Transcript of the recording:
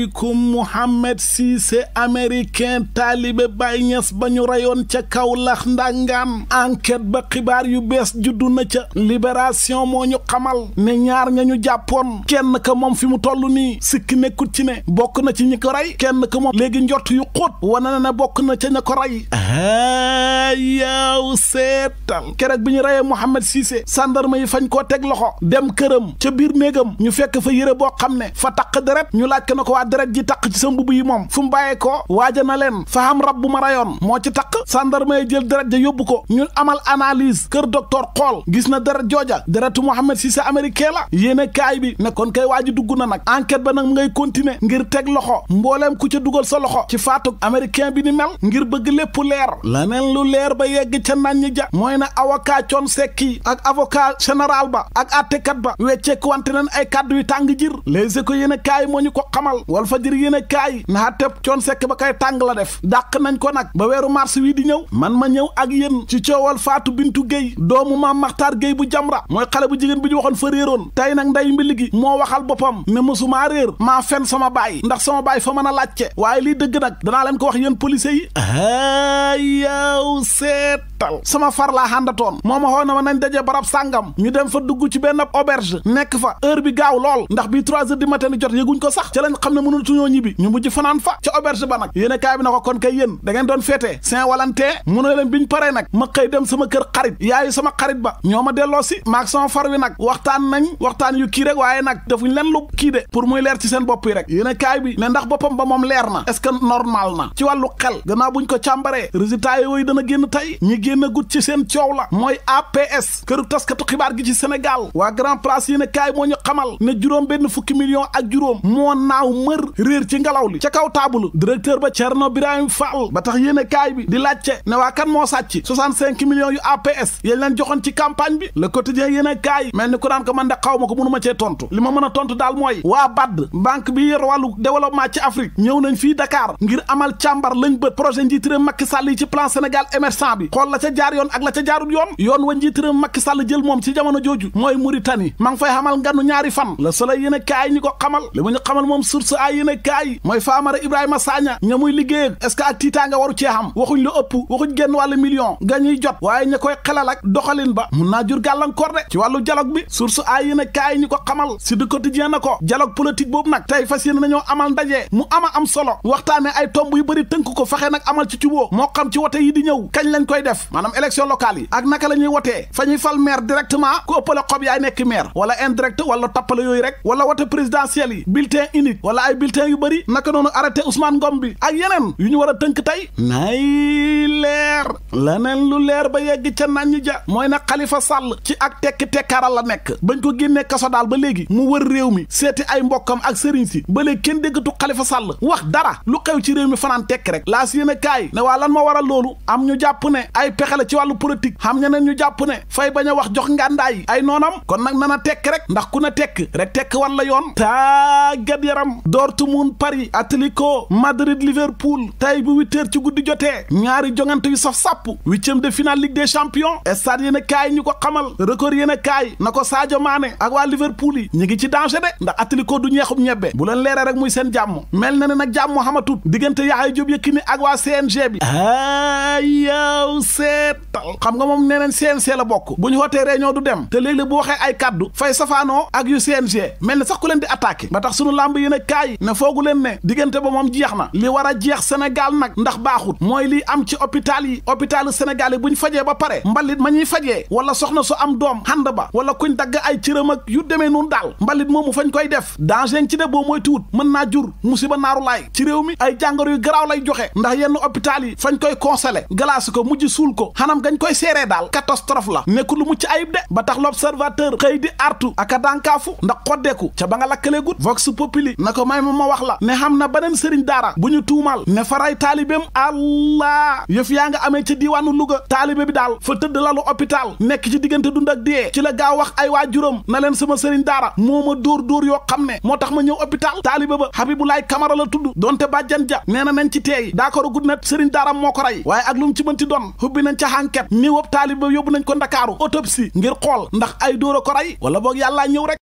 bikum Mouhamed Cissé américain taalibe Baye Niass ba ñu reyoon ca Kaolack ndangaan enquête ba xibaar yu bees juddu na ca libération moo xamal ne ñaar ña jàppoon kenn ka moom fi mu toll nii sikki nekkut ci ne bokk na ci ñi ko rey kenn ka moom léegi njort yu xóot wane na bokk na ca ña ko rey yaaw seetal keroog bi ñu reyee Mouhamed Cissé sandarma yi fañ koo teg loxo dem këram ca biir néegam ñu fekk fa yére boo xam ne fa taq deret ñu laaj ko na ko waa deret ji taq ci sa mbubb yi moom fu mu bàyyee koo waaja na leen faham rab bu ma rayoon moo ci taq sandarma yi jël deret ja yóbbu ko ñu amal analyse kër docteur xool gis na deret jooja deretu Mohamed Cissé américain la yéene kaay bi ne kon kay waa dugg na nag enquête ba nag mu ngay continuer ngir teg loxo mbooleem ku ca dugal sa loxo ci faatug américain bi ni mel ngir bëgg lépp leer la laneen lu leer ba yegg ca naan ñi ja mooy na avocat coon sekki ak avocat général ba ak attekat ba wecceeku wante ay kàddu yu tàng jir les éco yéene moo ñu ko xamal wal fajiri yéen a kaay naateb coon sekk ba kay tàng la def dàq nañ ko nag ba weeru mars wii di ñëw man ma ñëw ak yéen ci coowal faatu bintu géy doomu maam maxtaar géy bu jamra mooy xale bu jigéen bi ñu waxoon fa réeroon tey nag nday mbi ligi moo waxal boppam ne mësumaa réer maa fen sama baay ndax sama baay fa mën a laajte waaye lii dëgg nag danaa leen ko wax yéen policiers yi ayaw seet tal sama far laa xàndatoon moo ma xoo na ma nañ daje barab sàngam ñu dem fa dugg ci benn auberge nekk fa heure bi gaaw lool ndax bii trois heures du matin ni jot yëguñ ko sax ca lañ xam ne mënul tuñoo ñibbi ñu mujj fanaan fa ca auberge ba nag yéen bi na ko kon kay yéen da doon féetee saint valentin mu biñ paree nag ma xëy dem sama kër xarit yaayu sama xarit ba ñoo ma delloo si maag sama far wi nag waxtaan nañ waxtaan yu kii rek waaye nag defuñ leen lu kii de pour muy leer ci seen bopp yi rek yéen kaay bi ne ndax boppam moom leer na est-ce que ko càmbaree résultat yooyu dana génn tey génn gut ci seen coow la mooy APS këru taskatu xibaar gi ci Sénégal waa grand place yéen a kaay moo ñu xamal ne juróom benn fukki million ak juróom moo naaw mër réer ci ngelaw li ca kaw taabulu directeur ba Thierno Birahim Fall ba tax yéen a kaay bi di laajte ne waa kan moo sàcc million millions yu APS yéen leen joxoon ci campagne bi le quotidien yéen a kaay mel ni ko naan ko man de xaw ma ko mënu ma cee tontu li ma mën a tontu daal mooy waa BAD banque bi yor wàllu développement ci Afrique ñëw nañ fii Dakar ngir amal càmbar lañ projet njiitere Macky Sall yi ci plan Sénégal émergent bi xool ca jaar yoon ak la ca jaarul yoon yoon wa njiitaram Macky Sall jël moom ci jamono jooju mooy mu ma ngi fay xamal nganu ñaari fan la solo yéen a kaay ñi ko xamal li mu ñu xamal moom source ay yéen a kaay mooy Famara Ibrahima Sagna ña muy liggéey est que ak tiitaanga waru cee xam waxuñ la ëpp waxuñ genn wàllu million nga jot waaye ña koy xelal ak doxalin ba mun naa jur gàllankoor de ci wàllu dialogue bi source ay yéen a kaay ñi ko xamal si du quotidien na ko dialogue politique boobu nag tey fas yéene nañoo amal ndaje mu ama am solo waxtaane ay tomb yu bëri tënk ko faxe nag amal ci cuboo moo xam ci wote yi di ñëw kañ lañ koy def maanaam élection locale yi ak naka la ñuy wotee fa ñuy fal maire directement ku ëppale xob yaay nekk maire wala indirect wala tappale yooyu rek wala wote présidentielle yi bulletin unique wala ay bulletin yu bëri naka noonu arrêté Ousmane Ngom bi ak yeneen yu ñu war a tënk tey nay laneen lu leer ba yegg ca nañ ja mooy na xalifa Sall ci ak tekki-tekkaaral la nekk bañ ko génnee kaso daal ba léegi mu wër réew mi seeti ay mbokkam ak sëriñ si ba léegi kenn déggatu xalifa sàll wax dara lu xew ci réew mi fanaan tekki rek laa yéen a kaay ne waa lan moo waral loolu am ñu jàpp ne ay pexe la ci wàllu politique xam ñeneen ñu jàpp ne fay bañ a wax jox ngàndaay ay noonam kon nag nana tekki rek ndax ku ne tekk rek tekk war la yoon tàggat yaram Dortmund Paris Atlético Madrid Liverpool tey bu huit heures ci guddi jotee ñaari jongante yu saf-sap jàpp huitième de finale ligue des champions stade yéen a kaay ñu ko xamal record yéen a kaay na ko Sadio Mané ak waa Liverpool yi ñu ngi ci danger de ndax Atlético du ñeexub ñebbe bu leen leeree rek muy seen jàmm mel na ne nag jàmm xamatut diggante Yaxya Jóob Yékini ak waa CNG bi a yow seetal xam nga moom nee nañ CNG la bokk bu ñu wootee réunion du dem te léeg-léeg bu waxee ay kaddu fay safaanoo ak yu CNG mel na sax ku leen di attaqué ba tax sunu làmb yéen a kaay ne foogu leen ne diggante ba moom jeex na li war a jeex Sénégal nag ndax baaxut mooy li am ci hôpital yi hôpitalu Sénégal yi bu ñu fajee ba pare mbalit ma ñuy fajee wala soxna su am doom xand ba wala kuñ dagg ay cëram ak yu demee noonu daal mbalit moomu fañ koy def danger ci de boo mooy tuut mën naa jur musiba naaru laay ci réew mi ay jàngoro yu garaaw lay joxe ndax yenn hôpital yi fañ koy conselé glace ko mujj suul ko xanam gañ koy seeree daal catastrophe la nekku lu mucc ayib de ba tax l'observateur xëy di artu ak a dànkaafu ndax xoddeeku ca ba nga lakkaleegut vox populi na ko may ma ma wax la ne xam na beneen sëriñ daara bu ñu tuumaal ne faray taalibeem allah yëf yaa nga diiwaanu Louga taalibe bi daal fo tëdd lalu hôpital nekk ci diggante dund ak dee ci la gaaw wax ay waajuram na leen sama sëriñ daara moo ma dóor dóor yoo xam ne moo tax ma ñëw hôpital taalibe ba Habibulaay Kamara la tudd donte bàjjan ja nee na nañ ci teey d'accord gud na sëriñ daaram moo ko rey waaye ak lu mu ci doon hubbi nañ ca enquête ni wob taalibe ba yóbbu nañ ko ndakaaru autopsie ngir xool ndax ay dóor ko rey wala boo yàllaa ñëw rek